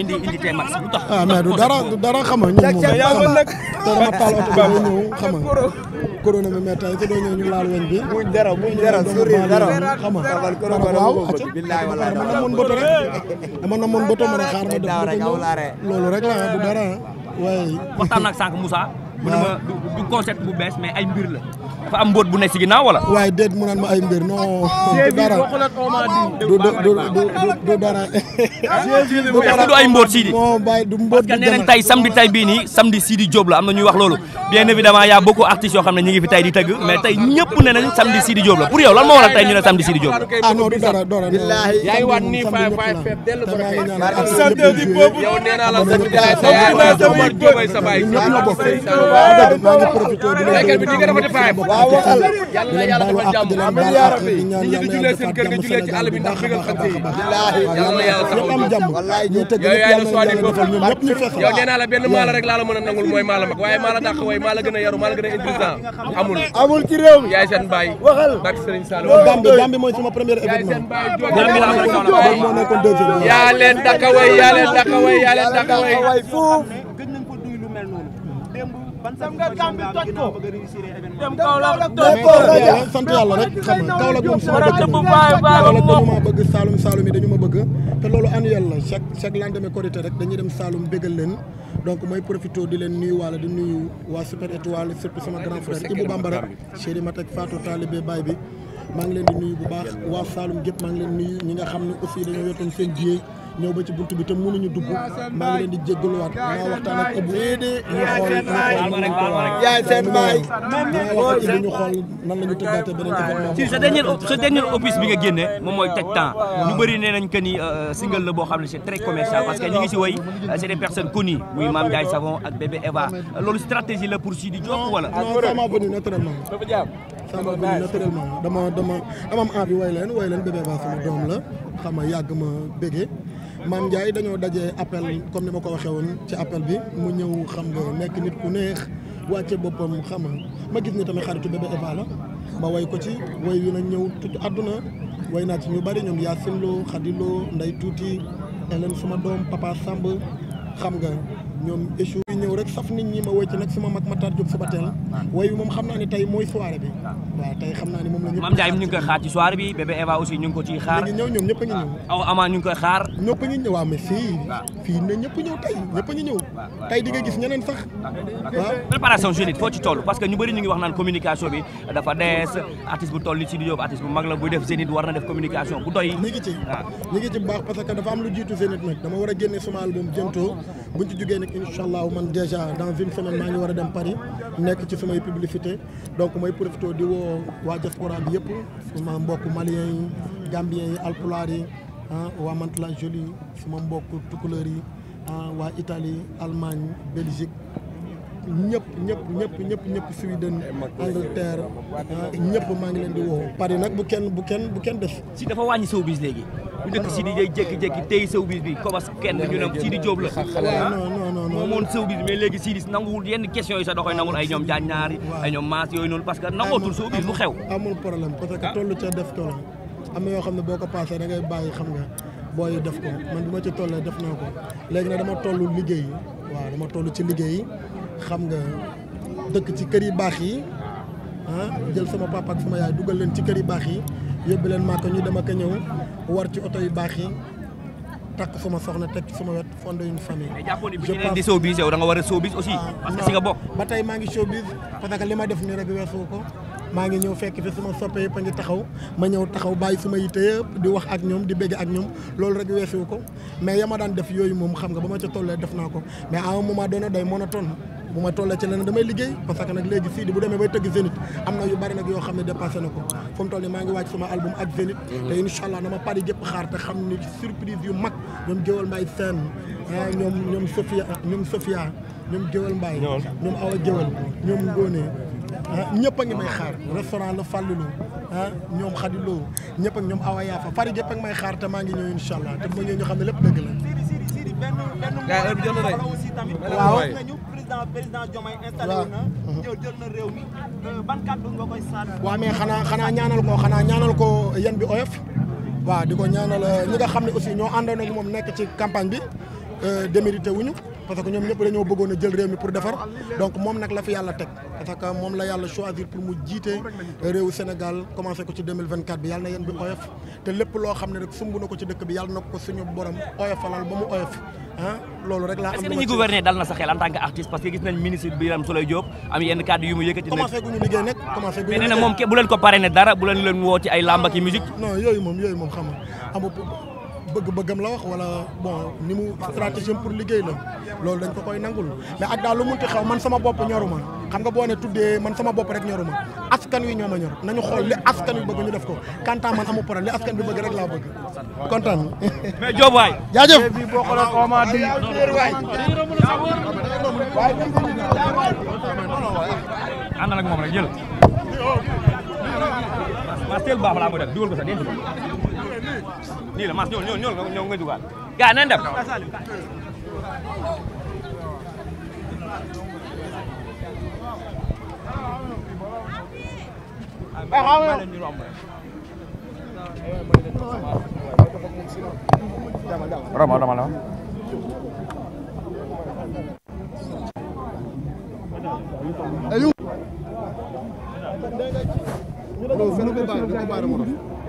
indi indi tey ah, du dara du dara xam nga ñun moom xam nga tey dama taal oto bi ñu ñëw xam nga corona bi mais tey doo ñëw ñu laal weñ bi. muy dara muy dara sori dara xam nga waaw acca dama namoon boto rek dama namoon boto ma na xaar ma def loolu rek la du dara waaye. mu ne ma du concept bu bees mais ay mbir la dafa am mbóot bu ne si ginnaaw wala waaye déet mu naan ma ay mbir non dara du dara est-ce que du ay mbóot Sidi non bàyyi du mbóot parce que nee nañ tey samedi tey bii nii samedi Sidi Diop la am na ñuy wax loolu bien évidemment y a beaucoup artistes yoo xam ne ñu ngi fi tey di tëgg mais tey ñëpp ne nañ samedi Sidi Diop la pour yow lan moo waral tey ñu ne samedi Sidi Diop la ah non du dara dara yaay waat nii fay fay fep dellu barke sant di boobu yow nee naa la sa yaay sa baay maa ngi profité di leen gërëm waaw waxal di leen baalu àq di leen baal àq di ñaan yàlla dafa jàmm Sénégal bu baax a baax a baax ñëpp am jàmm ñu tëgg ñëpp yàlla yàlla defal ñun ñëpp ñu fexe yow nee naa la benn maala rek laa la mën a nangul mooy maala mag waaye maala dàq way maala gën a yaru maala gën a intelligent amul amul ci réew mi yaay seen baay waxal bak Serigne Sall Gambie Gambie mooy sama premier événement moo nekkoon deuxième yaa leen dàq way yaa leen dàq way yaa leen dàq way sam nga gambi toj ko dem Kaolack toj ko sant yàlla rek xam nga Kaolack moom ma bëgg Saloum Saloum yi dañu ma bëgg te loolu annuel la chaque chaque lendemain Korité rek dañuy dem Saloum bégal leen donc mooy profité di leen nuyu wala di nuyu waa Super Étoile surtout sama grand frère Ibou Bambara chéri Matek Fatou Talibé Baye bi maa ngi leen di nuyu bu baax waa Saloum gépp maa ngi leen nuyu ñi nga xam ne aussi dañoo yottoon seen jiyee ñoo ba ci buntu bi te mënuñu dugg maa ngi leen di jégaluwaat maa waxtaan ak ëpp ñu xool ñu xool yaay seen baay maa wax ak ñu sa dernier sa bi nga génne moom mooy taj temps ñu bëri nee nañ que ni single la boo xam ne c'est très commercial parce que ñi ngi si woy c'est des personnes connues muy Mame Ndiaye Savon ak bébé Eva loolu stratégie la pour Sidy Diop wala non ça m'a venu naturellement ça m'a dama dama dama am envie way leen way leen Eva sama doom la xam nga yàgg ma bégee Mame Ndiaye dañoo dajee appel comme ni ma ko waxee woon ci appel bi mu ñëw xam nga nekk nit ku neex wàcce boppam xam ma gis ni tamit xaritu bébé Eva la ma way ko ci way wi ñëw tudd way naa ci ñu bari ñoom Yacine Lo Khady Lo Ndeye Tuuti Hélène suma doom Papa Samb xam nga ñoom échou yi ñëw rek saf nit ñi ma woy ci nag naa ne tey mooy soirée bi waaw ñu xaar ci soirée bi bébé ñu ngi ko ciy ñëw amaa ñu koy xaar ñëpp ñu ñëw waaw mais fii fii ne ñëpp ñëw tey ñëpp ñu ñëw tey di nga gis ñeneen sax waaw préparation jeunite foo ci toll parce que ñu bëri ñu ngi wax naan communication bi dafa dees artiste bu toll ni Sidy Diop artiste bu mag la buy def zénith war na def communication bu doy ñu ngi ci ñu ngi ci bu baax parce que dafa am lu jiitu zénith nag dama war a génne sama album bientôt buñ ci jógee nag incha allah man déjà dans une semaine maa ngi war a dem Paris nekk ci samay publicité donc mooy profité di woo waa diaspora bi yëpp sama mbokk maliens yi gambiens yi alpulaar yi Ah, waa Mantes la Jolie sama mbokk tukulóor yi ah, waa Italie Allemagne Belgique ñëpp ñëpp ñëpp ñëpp ñëpp Sweden Angleterre ah, ñëpp maa ngi leen di woo Paris nag bu kenn bu kenn bu kenn def si dafa wàññi showbiz léegi bu njëkk si di day jékki tey showbiz bi kobas kenn ñu ne si di Jóob la non non non léegi si di nanguwul yenn questions yi sax da koy nangul ñoom jaañaar yi ay ñoom maas yooyu noonu parce que nangootul showbiz bu xew amul problème parce que toll ca def toll am na yoo xam ne boo ko passé da ngay bàyyi xam nga booy def ko man bi ma ci tollee def naa ko léegi nag dama tollu liggéey waaw dama toll ci liggéey xam nga dëkk ci kër yi baax yi ah jël sama papa ak sama yaay dugal leen ci kër yi baax yi yóbbu leen màkk ñu dama ko ñëw war ci oto yu baax yi takk suma soxna teg ci sama wet fondé une famille. mais jàppoon da nga war a showbiz aussi. Ah, parce que si nga bokk ba tey maa ngi showbiz parce li ma def nii rek weesu ko. maa ngi ñëw fekk fi suma soppe yëpp a ngi taxaw ma ñëw taxaw bàyyi suma yitte yëpp di wax ak ñoom di bégg ak ñoom loolu rek weesuwu ko mais yama daan def yooyu moom xam nga ba ma ca tollee def naa ko mais à un moment donné day monotone bu ma tollee ci leneen damay que nag léegi Sidy bu demee bay tëgg Zénith am na yu bari nag yoo xam ne dépassé na ko fu mu toll nii maa ngi wàcc suma album ak Zénith mhm. te incha allah na ma Paris gépp xaar te xam ni surprise yu mag ñoom Géwal Mbaye Sène ah ñoom ñoom Sophia ñoom Sophia ñoom Géwal Mbaye ñoom Awa Géwal ñoom Ngóone Ah, ñëpp a ngi may xaar restaurant la Fallou ah ñoom Khady Lo ñëpp ak ñoom Awa Yafa Farid yëpp ak may xaar te maa ngi ñëw incha allah te bu ma ñëwee ñu xam ne lépp dëgg la. gaa heure bi jël na rek. waaw président président réew mi euh, waaw mais xanaa xanaa ñaanal ko xanaa ñaanal ko yan bi oyof. waaw di ko ñaanal ñi nga xam ne aussi ñoo àndoon ak moom nekk ci campagne bi euh, démérité wuñu parce que ñoom ñëpp dañoo bëggoon a jël réew mi pour defar donc moom nag la fi yàlla teg parce moom la yàlla choisir pour mu jiite réewu Sénégal commencé ko ci 2024 bi yàlla ko ci dëkk bi yàlla na ko suñu borom oyofalal ba mu oyof ah, loolu rek laa am est-ce que dal na sa xel en tant que parce que gis nañ ministre Birame Souleye Diop am yenn kàddu yu mu yëkkati commencé guñu liggéey nag commencé guñu mais nee na bu leen ko parrainé dara bu leen leen woo ay làmb ak bëgg-bëggam la wax wala bon ni mu stratégie pour liggéey la loolu dañ ko koy nangul mais ak daal lu munti xew man sama bopp ñoruma xam nga boo ne tuddee man sama bopp rek ñoruma askan wi ñoo ma ñor nañu xool li askan wi bëgg ñu def ko kantaa man amu problème li askan bi bëgg rek laa bëgg kontaan mais Diop waay jaajëf waay ànd ak moom rek jël waaw teel baax nii la mas ñool ñool ñool ñool nga dugal gaa nan dem rama rama rama ayou wala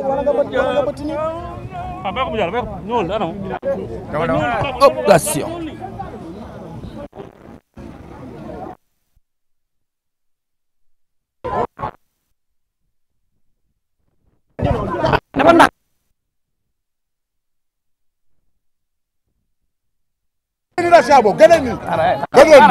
wala nga bët wala nga bët nii. ah bàyyi ko mu jàll bàyyi ko ñëwal dara moom. dama dama optation. Gracias, vos. Ganen. Ganen.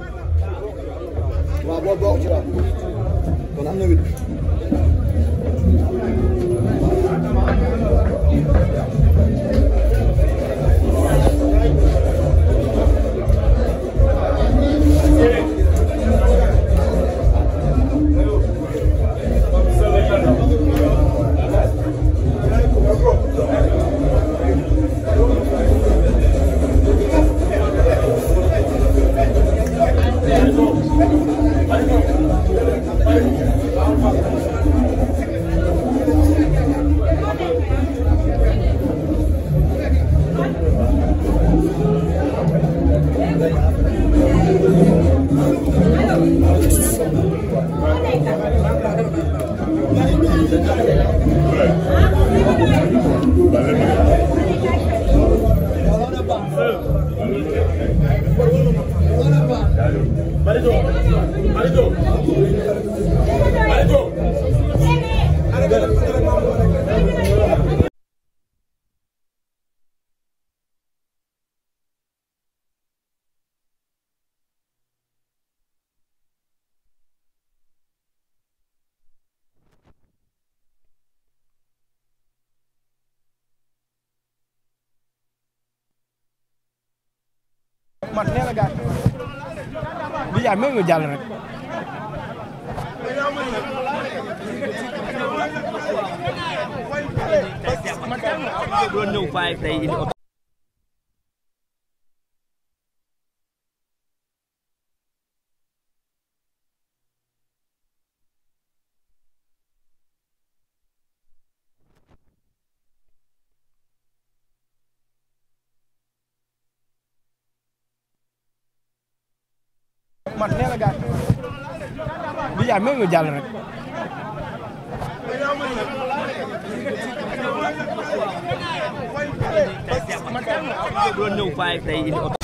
pat nee na gàtt di jaay même nga jàll rek. doon ñëw bàyyi tey indi oto mat nee na gars bi yaa même nga jàll rek. doon ñëw fay tey indi oto